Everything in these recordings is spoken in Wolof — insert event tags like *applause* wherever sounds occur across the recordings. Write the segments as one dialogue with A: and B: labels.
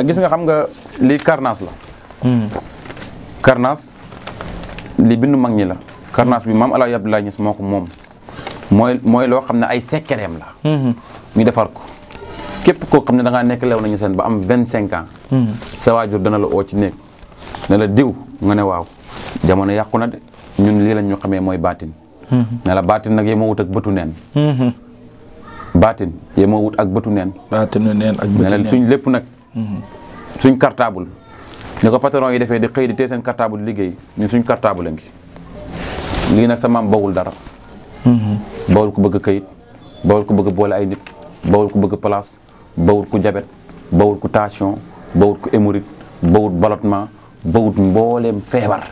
A: waaw gis nga xam nga lii carnage la. Hmm. carnage li bindu mag ñi la. carnage bi maam El Hadj Abdoulaye Niass moo ko moom mooy loo xam ne ay sekkereem la. Hmm. ñu defar ko képp koo xam ne da ngaa nekk lew nañu seen ba am vingt cinq ans. Hmm. sa waajur dana la oo ci néeg ne la diw nga ne waaw jamono yàqu na de ñun lii la xamee mooy baatin. ne la baatin nag yemoo wut ak bëtu neen. baatin yemoo ne la suñ lépp nag. suñ cartable ni ko patron yi defee di xëy di tee seen cartable liggéey ñun suñ cartable a ngi lii nag sa maam bawul dara bawul ku bëgg kayit bawul ku bëgg boole ay nit bawul ku bëgg place bawul ku jabet bawul ku tension bawul ku hémorroïde bawul ballottement bawul mbooleem feebar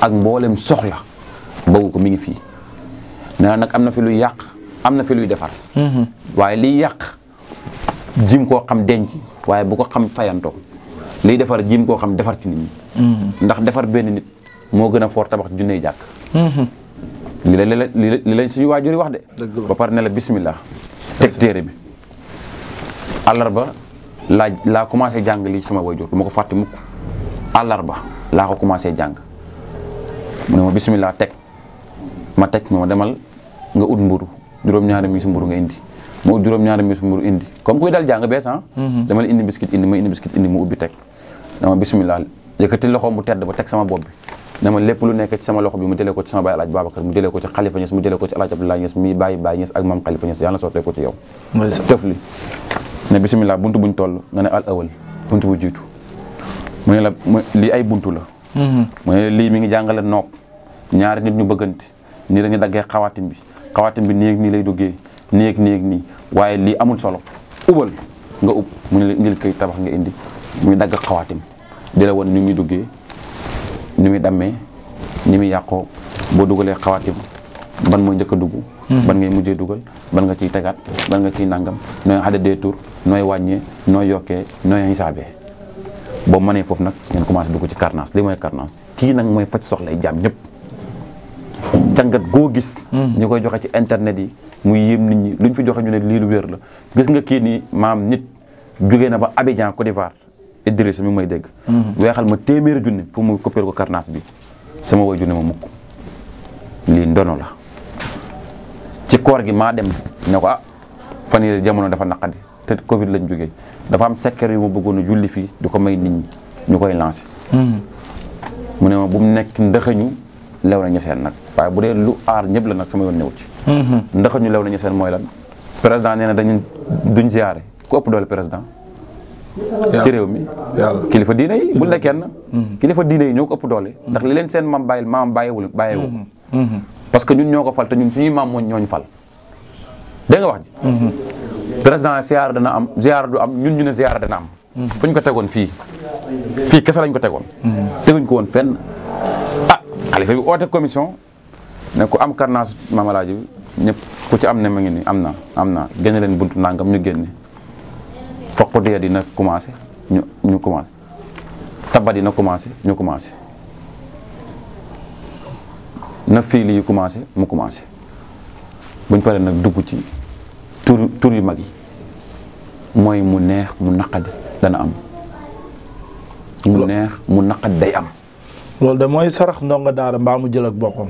A: ak mbooleem soxla bawul ko mi ngi fii nee nag am na fi luy yàq am na fi luy defar mm-hmm. waaye liy yàq jim koo xam denc waaye bu ko xam fayantoo liy defar jim koo xam defar ci nit ñi. Mm-hmm. ndax defar benn nit moo gën a foor tabax junney jàkk. Mm-hmm. li la suñu waajur yi wax de. ba pare ne la bismillah. teg téere bi àllarba laa laa commencé jàng lii sama waajur du ma ko fàtte mukk ba laa ko commencé jàng mu ne ma bismillah teg ma teg ma demal nga ut mburu juróom-ñaari mi mburu nga indi. moo juróom-ñaari mbis mu indi comme kuy dal jàng bees ah. Mhm. dama la indi biscuit indi ma indi biscuit indi mu ubbi teg. dama bisimilah yëkkati loxoom bu tedd ba teg sama bopp bi dama lépp lu nekk ci sama loxo bi mu jëlee ko ci sama baay Alaaji Babacar mu jëlee ko ci Xalifa Ñas mu jëlee ko ci Alaaji Abdoulaye Ñas mi bàyyi Baay Ñas ak maam Xalifa Ñas yàlla sottee ko ci yow. tëfli ne bisimilah buntu buñ toll nga ne al awal buntu bu jiitu mu ne la lii ay buntu la. Mhm. mu ne lii mi ngi jàngale noog ñaari nit ñu bëggante nii la ñu daggee xawaatim bi xawaatim bi nii nii lay duggee nii ak ni ak nii waaye lii amul solo ubal nga ub mu ne ngil koy tabax nga indi muy dagg xawaatim di la woon ni muy duggee ni muy dammee ni muy yàqoo boo dugalee xawaatim ban mooy njëkk a dugg hmm. ban ngay mujjee dugal ban nga ciy tegaat ban nga ciy nangam nooy xade dee tour nooy wàññee nooy yokkee nooy xisaabee boo manee foofu nag ngeen commencé dugg ci carnage li mooy carnage kii nag mooy faj soxlay jaam ñëpp jàngat goo gis hmm. ñu koy joxe ci internet yi mu yéem nit ñi luñ fi joxe ñu ne lii lu wér la gis nga kii nii maam nit jóge na ba Abidjan Côte d'Ivoire Idrissa may dégg. Mhm. weexal ma téeméeri junni pour mu bi sama woy junni ma mukk lii ndono la ci koor gi maa dem ne ko ah fan yii jamono dafa naqadi te Covid lañ jóge dafa am secret yu ma bëggoon julli fii di ko may nit ñi ñu koy lancé. Mhm. mu ne ma bu mu nekk ndëxëñu lew na ñeseen nag. waaye bu dee lu aar ñëpp la nag sama yoon ñëw ci. Mm-hmm. ndax lew nañu seen mooy lan. président nee dañu duñ ziare ku ëpp réew mi. kilifa diine yi bul ne kenn. Mm-hmm. kilifa diine yi ñoo ko ëpp doole. ndax li leen seen maam bàyyil maam bàyyiwul bàyyiwul. Mm-hmm. parce que ñun ñoo ko fal te ñun suñuy maam mooñ ñooñ fal. dégg nga wax ji. président ziara dana am ziara du am ñun ñu ne ziara dana am. fu ñu ko tegoon fii. fii kese lañ ko tegoon. teguñ ko woon fenn ah xalifa bi oote commission. ne ku am karnaasu maamalaaji bi ñëpp ku ci am ne ma ngi nii am na am naa génne leen buntu nangam ñu génne foq di dina commencé ñu ñu commencé tabat na commencé ñu commencé na fii lii commencé mu commencé buñ paree nag dugg ci tur tur yu mag yi mooy mu neex mu naqad dana am mu neex mu naqad day am
B: loolu de mooy sarax ndongo daara mbaa mu jël boppam.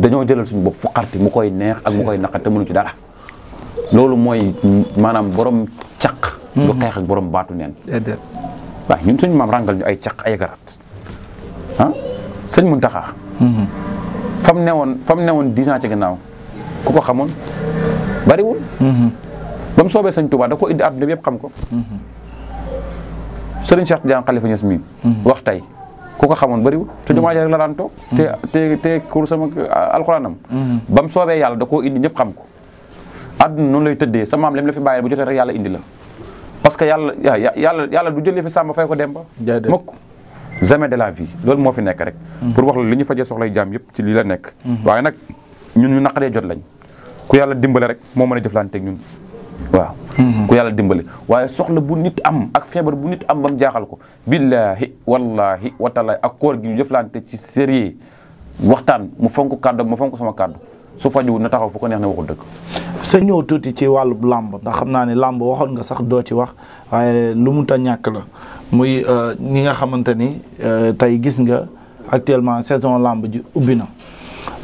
A: dañoo jëlal suñu bopp fu xarti mu koy neex ak mu koy naqar te mënu ci dara loolu mooy maanaam borom caq. Hmm. lu xeex ak borom baatu neen. waaw ñun suñu maam ràngal ñu ay caq ay garaat ah sëñ Muntaxa. Hmm. fam newoon fam newoon dix ans ci gannaaw ku ko xamoon bariwul. Hmm. ba soobee sëñ Touba da ko indi àdduna bi yëpp xam ko. Serigne Cheikh Diagne Khalifa Niass mi wax tey. ku ko xamoon bëriwul te mm-hmm. jumaa ji rek la mm-hmm. te te te kur sama alxuraanam mm-hmm. ba mu soobee yàlla da koo indi ñëpp xam ko àdduna noonu lay tëddee sama am lim la fi bàyyil bu jotee rek yàlla indi la parce que yàlla yàlla yàlla du jëlee fi sàmm fay ko dem ba mukk jamais de la vie loolu moo fi nekk rek pour wax la li ñu fajee soxlay jaam yëpp ci lii la nekk waaye nag ñun ñu naqadee jot lañ ku yàlla dimbale rek moo mën a jëflante ak ñun waaw mhm. ku yàlla dimbali waaye soxla bu nit am ak feebar bu nit am ba mu jaaxal ko billaahi wallaahi watalaay ak koor gi ñu jëflante ci sérieux waxtaan mu fonk kàddu ma fonk sama kàddu su faju na taxaw fu ko
B: neex ne waxul dëgg sa ñëw tuuti ci wàllub làmb ndax xam naa ne làmb waxoon nga sax doo ci wax waaye lu mu ta ñàkk la muy euh, ñi nga xamante ni euh, tey gis nga actuellement saison làmb ji ubbi na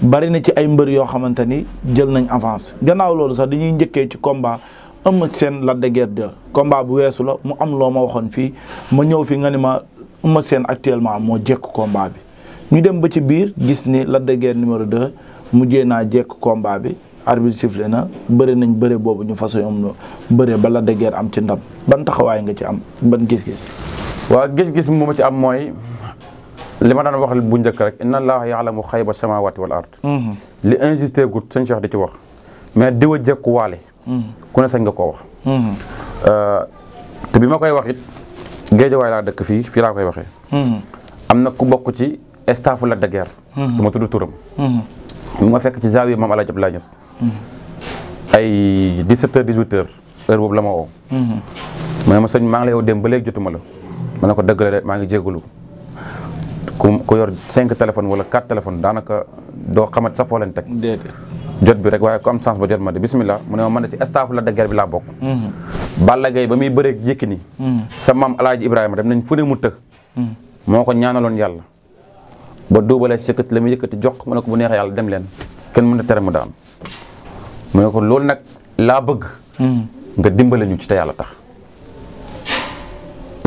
B: bari na ci ay mbër yoo xamante ni jël nañ avance gannaaw loolu sax dañuy njëkkee ci combat Eumeu Sène Lac de Guiers 2 combat bu weesu la mu am loo ma waxoon fii ma ñëw fii nga ni ma Eumeu Sène actuellement moo jekk komba bi ñu dem ba ci biir gis ni Lac de Guiers numéro 2 mujjee naa jekk combat bi arbitre sifflé na bëri nañ bëre boobu ñu façon am bëre ba Lac de am ci ndab ban taxawaay nga ci am ban gis-gis.
A: waaw gis-gis mu ma ci am mooy li daan wax bu njëkk rek inna allaha yaalamu xayba samawati wal ard mhm. li injusté gut sëñ Cheikh di ci wax mais di wa jëkku waale mhm. ku ne sañ nga koo wax mhm. euh, te bi ma koy wax it géejawaay laa dëkk fii fii laa koy waxee am na ku bokk ci staffu la de guerre ma tudd turam mu ma fekk ci zaawiya maam El Hadj Abdoulaye Niass ay 17 heures 18 heures heure boobu la ma woo ma ne ma sëñ maa ngi lay woo dem ba jotuma la ma ne ko dëgg la de maa ngi jégalu ku ku yor cinq téléphone wala quatre téléphone daanaka doo xamat sa foo leen teg jot bi rek waaye ku am chance ba jot ma de bismillah mu ne ma mën na ci staff la de guerre bi laa bokk mhm. Balla Gaye ba muy bëreeg Yékini mhm. sa maam Alaaji Ibrahima dem nañ fu ne mu të mhm. moo ko ñaanaloon yàlla ba duubalee sëkkati la mu yëkkati jox mu ne ko bu neexee yàlla dem leen kenn mën na tere mu daan mu ne ko loolu nag laa bëgg nga dimbale ñu ci te yàlla tax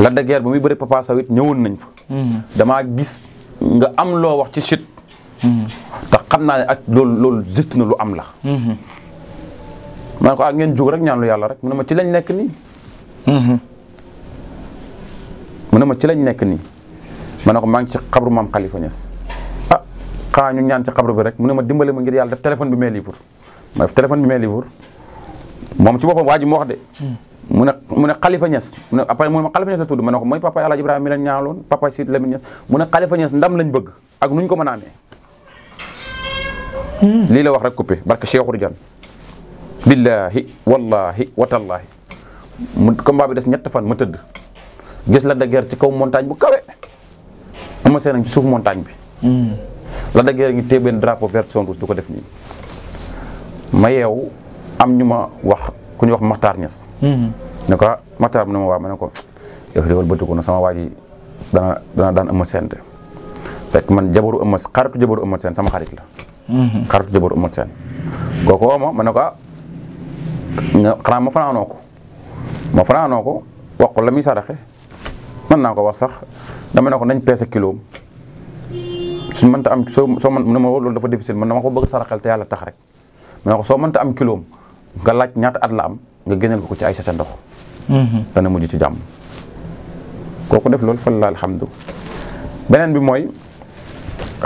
A: Lac de Guiers ba muy bëri Papa Sow it ñëwoon nañ fa. Hmm. damaa gis nga am loo wax ci chute. Hmm. te xam naa ne ak loolu loolu na lu am la. Hmm. ma ne ko ah, ngeen jóg rek ñaan lu yàlla rek mu ne ma ci lañ nekk nii. mu ne ma ci lañ nekk nii ma ne ko maa ngi ci xabru ah, ñu ñaan ci xabru bi rek mu ne ma dimbale ma ngir yàlla def téléphone bi may livre ma def téléphone bi may livre moom ci boppam waa wax de. mun ne mu ne Khalifa Niass mu ne après mu ne ma la tudd ma ne ko mooy papa El Hadj Ibrahima mi leen ñaaloon papa Sid Lamine Niass mu ne Khalifa Niass ndam lañ bëgg ak nuñ ko mën a hmm. lii la wax rek coupé barke Cheikhou Tidiane. billahi wallahi watallahi mu combat bi des ñett fan ma tëdd gis la de guerre ci kaw montagne bu kawe ama seen ci suuf montagne bi. Hmm. la de ngi téye benn drapeau vert son rouge du ko def nii ma yeew am ñu ma wax. ku ñuy wax Makhtar Niass. Mm-hmm. ko ah, ma waa ma ko yow de wëlbatiku na sama waa ji dana dana daan Eumeu Sène de fekk man jabaru Eumeu xaritu jabaru mm-hmm. ma ma ne ko ah nga xanaa ma fanaanoo ko ma fanaanoo ko wax ko saraxe mën naa ko wax sax da ne ko nañ peese kilo suñ mënta am soo na ma loolu dafa difficile man dama ko bëgg am kilo nga laaj ñaata at am nga génneel ko ci ay sa ndox. Mhm. dana mujj ci jàmm. kooku def lool fa la alhamdu beneen bi mooy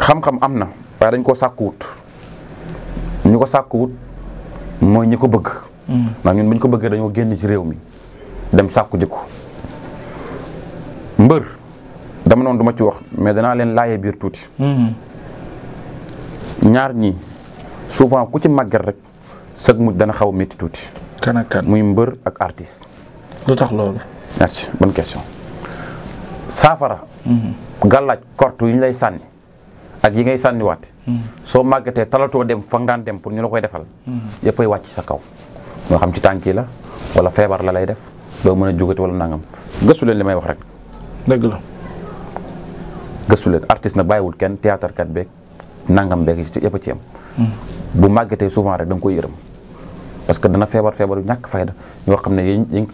A: xam-xam am na waaye dañ koo sàkkuwut ñu ko sàkkuwut mooy ñi ko bëgg. Mhm. ndax ñun bu ko bëggee dañoo génn ci réew mi dem sàkku jikko mbër dama noonu duma ci wax mais danaa leen laajee biir tuuti. Mhm. ñaar ñi souvent ku ci màgget rek. sëg mujj dana xaw a métti tuuti. kan ak kan muy mbër ak artiste. lu tax loolu. merci saafara. Mhm. gàllaaj kortu yi ñu lay sànni ak yi ngay sànniwaat. Mhm. soo màggatee talatoo dem fa daan dem pour ñu la koy defal. Mhm. yëppay ci sa kaw. moo xam ci tànk yi la wala feebar la lay def loo mën a jógati walla nangam gëstu leen li may wax rek. dëgg la. gëstu leen artiste nag bàyyiwul kenn théâtre kat beeg nangam beeg yëpp ci am. bu màggatee souvent rek da nga koy yërëm parce que dana feebar feebar yu ñàkk fayda ñoo xam ne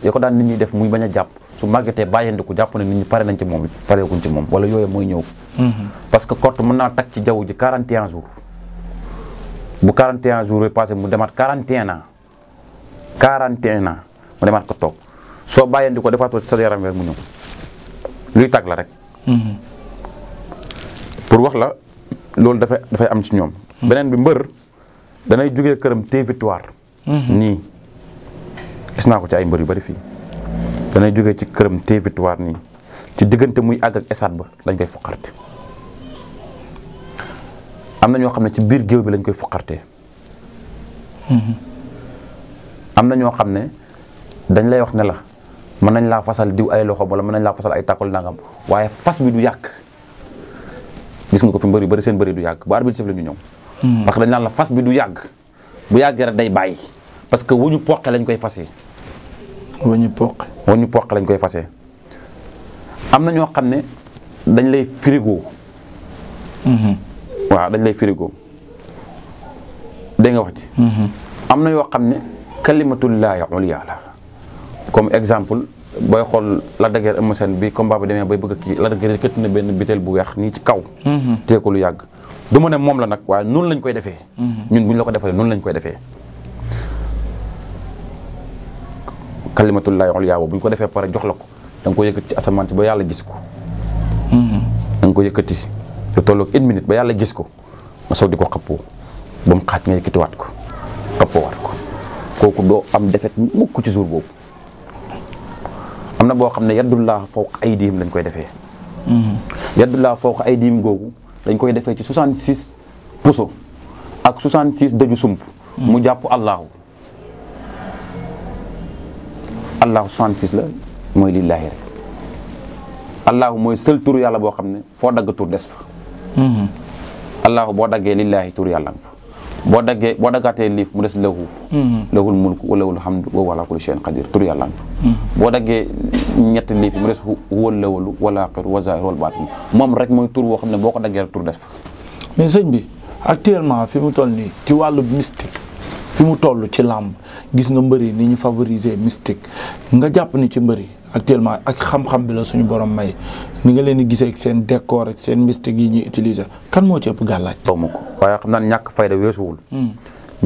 A: yi ko daan nit ñi def muy bañ a jàpp su màggatee bàyyandiku jàpp ne nit ñi pare nañ ci moom pareekuñ ci moom wala yooyu mooy ñëw mhm. parce que korte mën naa tag ci jaww ji 41 jours bu 41 jours yi passé mu demaat 41 ans 41 ans mu demaat ko toog soo bàyyandikoo defaatoo ci sa yaram rek mu ñëw luy tag la rek mhm. pour wax la loolu dafay dafay am ci ñoom beneen bi mbër danay jóge këram té victoire. Mhm. nii gis naa ko ci ay mbër yu bari fii danay jóge ci këram té victoire nii ci diggante muy àgg ak esaat ba dañ koy foqarte am na ñoo xam ne ci biir géew bi lañ koy foqartee. Mhm. am na ñoo xam ne dañ lay wax ne la mën nañ laa fasal diw ay loxo wala mën nañ laa fasal ay tàkkul nangam waaye fas bi du yàq gis nga ko fi mbër yu bari seen bëri du yàgg bu arbitre sifle ñu ñëw. Mm. parce que dañ naan la fas bi du yàgg bu yàggee rek day bàyyi parce que wuñu poqe lañ koy fasee. wuñu poqe. wuñu poqe lañ koy fasee am na ñoo xam ne dañ lay frigo. Mm-hmm. waaw dañ lay frigo dégg nga wax ji. Mm-hmm. am na yoo xam ne kalimatullaahi ulyaa la comme exemple booy xool la dëgër seen bi combat bi demee bay bëgg kii la dëgër yëkkati na benn bitel bu weex nii ci kaw. Mm-hmm. teeku lu yàgg. du ma ne moom la nag waaye noonu lañ koy defee. Mhm. ñun bu la ko defalee noonu lañ koy defee. kalimatullahi ulya bu ñu ko defee pare jox la ko da nga ko yëkkati ci asamaan si ba yàlla gis ko. Mhm. da nga ko yëkkati lu tolloog une minute ba yàlla gis ko nga soog di ko xappoo ba mu xaaj nga yëkkatiwaat ko xappoo waat ko kooku doo am defet mukk ci jour boobu. am na boo xam ne laa yaddullah fawqa aydihim lañ koy defee. Mhm. yaddullah fawqa aydihim googu. dañ koy defee ci 66 puso ak 66 dëju sump mu hmm. jàpp allahu allahu 66 la mooy lillaahi rek allahu mooy seul tur yàlla boo xam ne foo dagg tur des fa hmm. allahu boo daggee lillaahi tur yàlla nga fa boo daggee boo daggaatee liif mu des lahu mm-hmm. lahul mulku wa lahul hamdu wa huwa ala kulli shay'in qadir tur yàlla nga fa boo mm-hmm. daggee ñetti liif mu des huwal lawalu wal aaxiru wa zaahir wal baatin moom rek mooy tur boo xam ne boo ko daggee rek tur des fa
B: mais sëñ bi actuellement fi mu toll nii ci wàllu mystique fi mu toll ci làmb gis nga mbëri ni ñu favoriser mystique nga jàpp ni ci mbëri actuellement ak xam-xam bi la suñu borom may ni nga leen di gisee ak seen décor ak seen mystique yi ñuy utiliser kan moo ci ëpp gàllaaj xaw ma ko
A: waaye xam naa ñàkk fay da weesuwul hmm.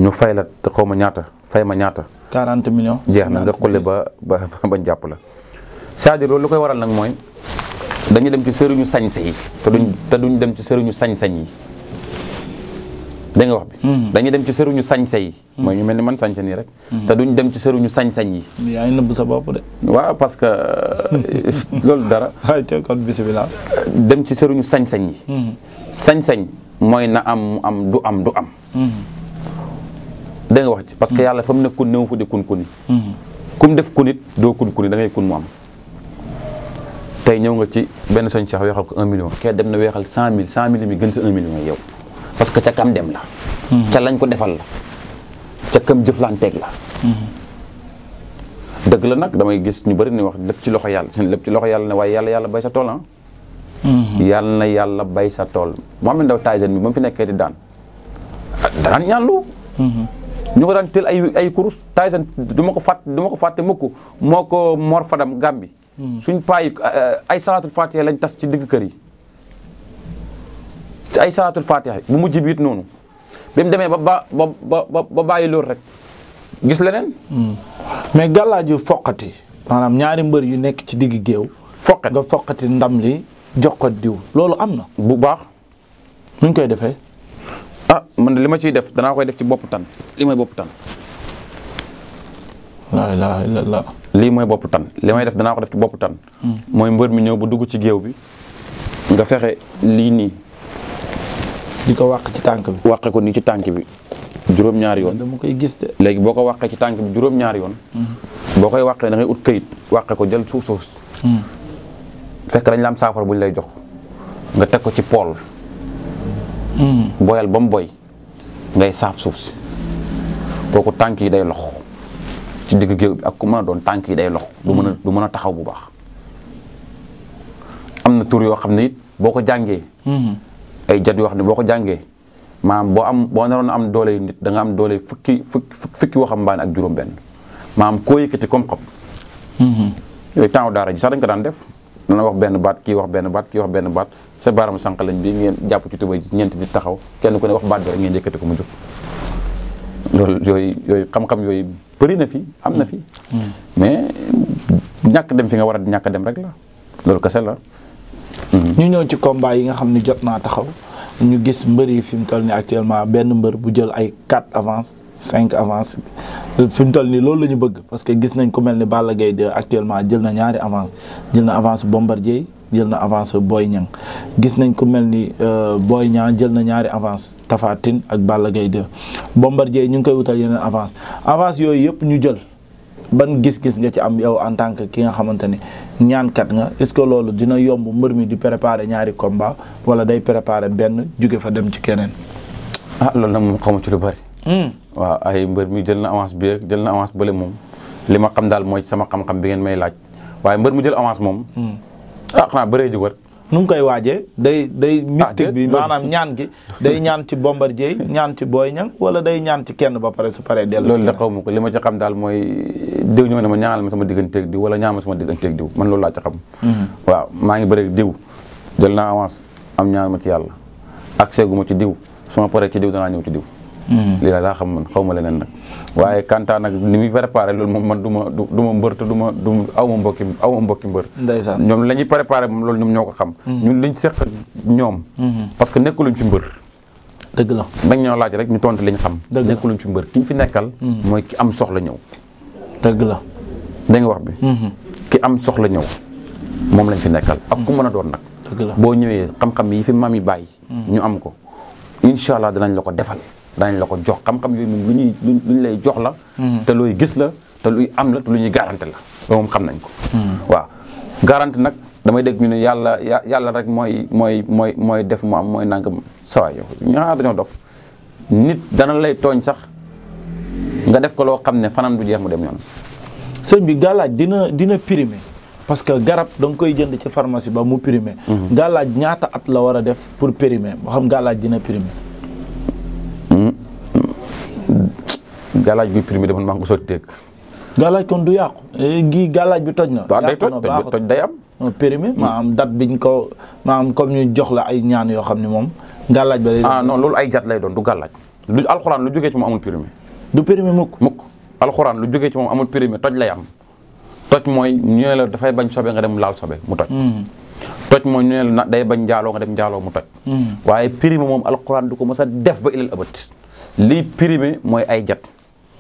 A: ñu fay la te xaw ma ñaata fay ma ñaata
B: 40 million jeex na nga xulle ba
A: ba *laughs* bañ jàpp la cest à loolu lu koy waral nag mooy dañu dem ci sëriñu sañ-sañ yi te te duñ dem ci sëriñu sañ-sañ yi dégg nga wax bi. Hmm. dañuy hmm. hmm. dem ci sëruñu sañ-sañ yi. mooy ñu mel ni man sañ rek. te dem ci sëruñu sañ-sañ yi. yaa ngi nëbb sa bopp de. waaw parce que *laughs* loolu dara. ayca kon dem ci sëruñu sañ-sañ yi. sañ-sañ mooy na am am du am du am. dégg wax ci parce que yàlla fa mu ne kun néew fa di kun kuni. kum def kunit doo kun kuni da ngay kun mu am. tey ñëw nga ci benn sañ Cheikh weexal ko un million. kee dem na weexal cent mille cent mille gën sa un million yow. parce que ca kam dem la. Mhm. ca lañ ko defal la. ca kam jëflanteeg la. Mhm. dëgg la nag damay gis ñu bari ni wax lépp ci loxo yàlla lépp ci loxo yàlla ne waaye yàlla yàlla bay sa tool ah. mhm. yàlla na yàlla bay sa tool Mohamed Ndao Tyson bi ba mu fi nekkee di daan ah, daan ñaanlu. ñu ko daan teel ay ay kurus Tyson du ko fàtt du ma ko fàtte mukk moo ko Mor Fadam Gambi. suñ paay ah, ay salaatul faatiha lañ tas ci digg kër yi. ay salaatul fatiha bu mujj bi noonu bi mu demee ba
B: ba ba ba bàyyi loolu rek gis leneen. Hmm. mais gàllaaju foqati maanaam ñaari mbër yu nekk ci digg géew. foqati nga foqati ndam li jox ko diw loolu am na. bu baax. nuñ koy defee.
A: ah man li ma ciy def danaa koy def ci bopp tan li mooy bopp tan.
B: laa ilaaha
A: lii mooy bopp tan li may def danaa ko def ci bopp tan. Hmm. mooy mbër mi ñëw bu dugg ci géew bi nga fexe lii nii. di ko wàq ci tànk bi. wàqe nii ci tànk bi juróom-ñaari yoon. dama koy gis léegi boo ko wàqee ci tànk bi juróom
C: mm-hmm.
A: boo koy wàqee dangay ngay ut këyit wàqe ko jël suuf suuf. Mm-hmm. fekk dañ la am saafara buñ lay jox nga teg ko ci pool. Mm-hmm. boyal ba mu boy ngay saaf suuf si kooku tànk yi day lox ci digg géew ku mën tànk yi day lox du mën a mën a taxaw bu baax am na tur yoo xam ne it boo ko jàngee. ay jat yoo xam ne boo ko jàngee maam boo am boo naroon am doole nit danga am doole fukki fukki fukki waxambaane ak juróom-benn maanaam koo yëkkati comme xob. Mm-hmm. yooyu sax dañ ko daan def dana wax benn baat kii wax benn baat kii benn baat sa baaraam sànq lañ bi ngeen jàpp ci tuba ñeenti di taxaw kenn ku ne wax baat bi rek ngeen yëkkati ko mu jóg. yooyu yooyu xam-xam yooyu bëri na fi am na fi. Mm-hmm. mais
B: ñàkk dem fi nga war a ñàkk dem rek la loolu kese la. ñu ñëw ci combat yi nga xam ne jot naa taxaw ñu gis mbër yi fi mu toll nii actuellement benn mbër bu jël ay 4 avance cinq avance fi mu toll nii loolu la ñu bëgg parce que gis nañ ko mel ni Balla Gaye 2 actuellement jël na ñaari avance jël na avance Bombardier jël na avance Boy Niang gis nañ ku mel ni euh, Boy Niang jël na ñaari avance Tapha ak Balla Gaye 2 Bombardier ñu ngi koy wutal yeneen avance avance yooyu yëpp ñu jël ban gis-gis nga ci am yow en tant que ki nga xamante ni ñaankat nga est-ce que loolu dina yomb mbër mi di préparer ñaari combat wala day préparer benn jóge fa dem ci keneen.
A: ah loolu nag moom xamu ci lu bari. Hmm. waaw ay mbër mi jël na avance bi ak jël na avance bële moom li ma xam daal mooy sama xam-xam
B: bi ngeen may laaj waaye mbër mu jël avance moom. Hmm. ah xanaa bëree ji nu mu koy waajee day day. Ah, mystique bi maanaam ñaan gi day ñaan ci Bombardier ñaan ci Boy Niang wala day ñaan ci kenn ba pare su paree. dellu loolu la xaw ma ko
A: diw ñëw ne ma ñaanal ma sama digganteeg diw wala ñaanal ma sama digganteeg diw man loolu laa ci xam mm-hmm. waaw maa ngi bëri diw jël naa avance am ñaan ma ci yàlla accès gu ma ci diw su ma paree ci diw danaa ñëw ci diw
C: mm-hmm.
A: lii laa xam man xaw ma leneen nag waaye Kanta nag ni muy préparé loolu moom man du ma du ma mbër te du ma du aw ma mbokki aw ma mbokki mbër ndeysaan ñoom la ñuy préparé moom loolu ñoom ñoo ko xam mm-hmm. ñun liñ seq ak ñoom parce que nekkuluñ ci mbër dëgg la dañ ñoo laaj rek ñu tontu liñ xam nekkuluñ ci mbër ki fi nekkal mooy ki am soxla ñëw dëgg la da nga wax bi mhm. ki am soxla ñëw moom lañ fi nekkal ak ku mën a doon nag boo ñëwee xam-xam yi fi maam yi bàyyi mhm. ñu am ko incha allah danañ la ko defal danañ la ko jox xam-xam yooyu moom lu ñuy lu ñu lay jox la mhm. te looy gis la te luy am la te lu ñuy garanti la moom xam nañ ko waaw garanti nag damay dégg ñu ne yàlla yàlla rek mooy mooy mooy mooy def mu am mooy nangam sawa yow ñaa dañoo dof nit dana lay tooñ sax nga def ko loo xam ne fanaan du jeex mu dem yoon.
B: sëñ bi gàllaaj dina dina primé parce que garab danga koy jënd ci pharmacie ba mu primé. Mhm. gàllaaj ñaata at la war a def pour primé boo xam gàllaaj dina primé.
C: Hmm.
A: gàllaaj buy primé de man maa ngi ko sotti teg.
B: gàllaaj kon du yàqu eh, gi gàllaaj bi toj na. yàqu na baaxut toj am. périmé hmm. maanaam biñ ko maanaam comme ñu jox la ay ñaan yoo xam ne moom gàllaaj ba lay ah non loolu ay jat lay doon du gàllaaj lu alxuraan lu jógee
A: ci mu amul périmé du périmé mukk mukk alxuraan lu jógee ci moom amul périmé toj lay am toj mooy ñu ne la dafay bañ sobee nga dem laal sobe mu toj hmm. toj mooy ñu ne la day bañ njaaloo nga dem njaaloo mu toj hmm. waaye périmé moom alxuraan du ko mës a def ba ilal abët lii périmé mooy ay jat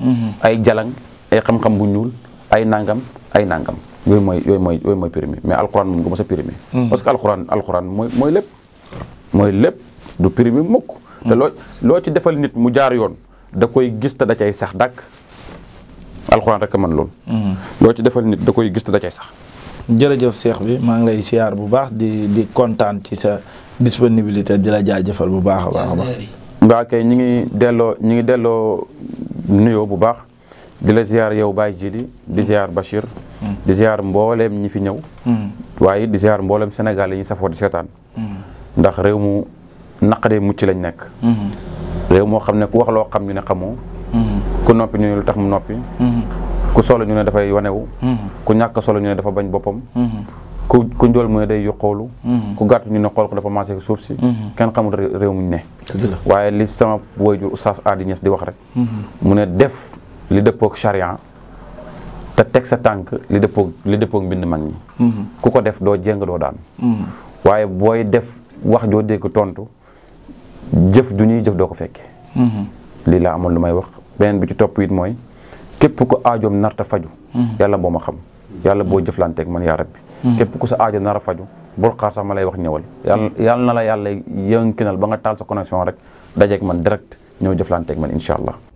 A: hmm. ay jalang ay xam-xam bu ñuul ay nangam ay nangam yooyu mooy yooyu mooy yooyu mais alxuraan moom du mës a périmé parce que alxuraan alxuraan mooy mooy mooy lépp du périmé mukk te loo loo ci defal nit mu jaar yoon da koy gis te da cay sax dàkk alxuraan rek man loolu. Mhm. loo ci defal nit da koy gis te da cay sax.
B: jërëjëf seex bi maa ngi lay siyaar bu baax di di kontaan ci sa disponibilité di la jëfal bu baax a baax a baax. mbaa kay ñi ngi delloo ñi ngi
A: delloo nuyoo bu baax di la ziar yow Baye Jili di ziar Bachir. Mhm. di ziar mbooleem ñi fi ñëw. Mhm. waaye di ziar mbooleem senegal yi ñu safoo di seetaan. ndax réew mu naqadee mucc lañ nekk. réew moo xam ne ku wax loo xam ñu ne xamoo mm-hmm. ku noppi ñu ne lu tax mu noppi mm-hmm. ku solo ñu ne dafay wanewu mm-hmm. ku ñàkk solo ñu ne dafa bañ boppam ku ku njool mu ne day yuqoolu ku gàtt ñu ne xool ko dafa maase suuf si kenn xamul réew muñ li sama waajur Oustaz Adi di wax rek mu ne def li dëppook charia te teg sa tànk li dëppook li dëppook mbind mag ñi ku ko def doo jéng doo daan waaye booy def wax joo dégg tontu jëf du ñuy jëf doo ko fekke
C: mm-hmm.
A: lii la amoon lu may wax beneen bi ci topp it mooy képp ku aajoom narta faju mm-hmm. yàlla boo ma xam yàlla boo mm-hmm. jëflanteeg man yaa rabbi képp ku sa aajo nar a faju bul xaar sax ma lay wax ñëwal yàlla yàlla na la yàlla yënkinal ba nga taal sa connexion rek dajeeg man direct ñëw jëflanteeg man incha allah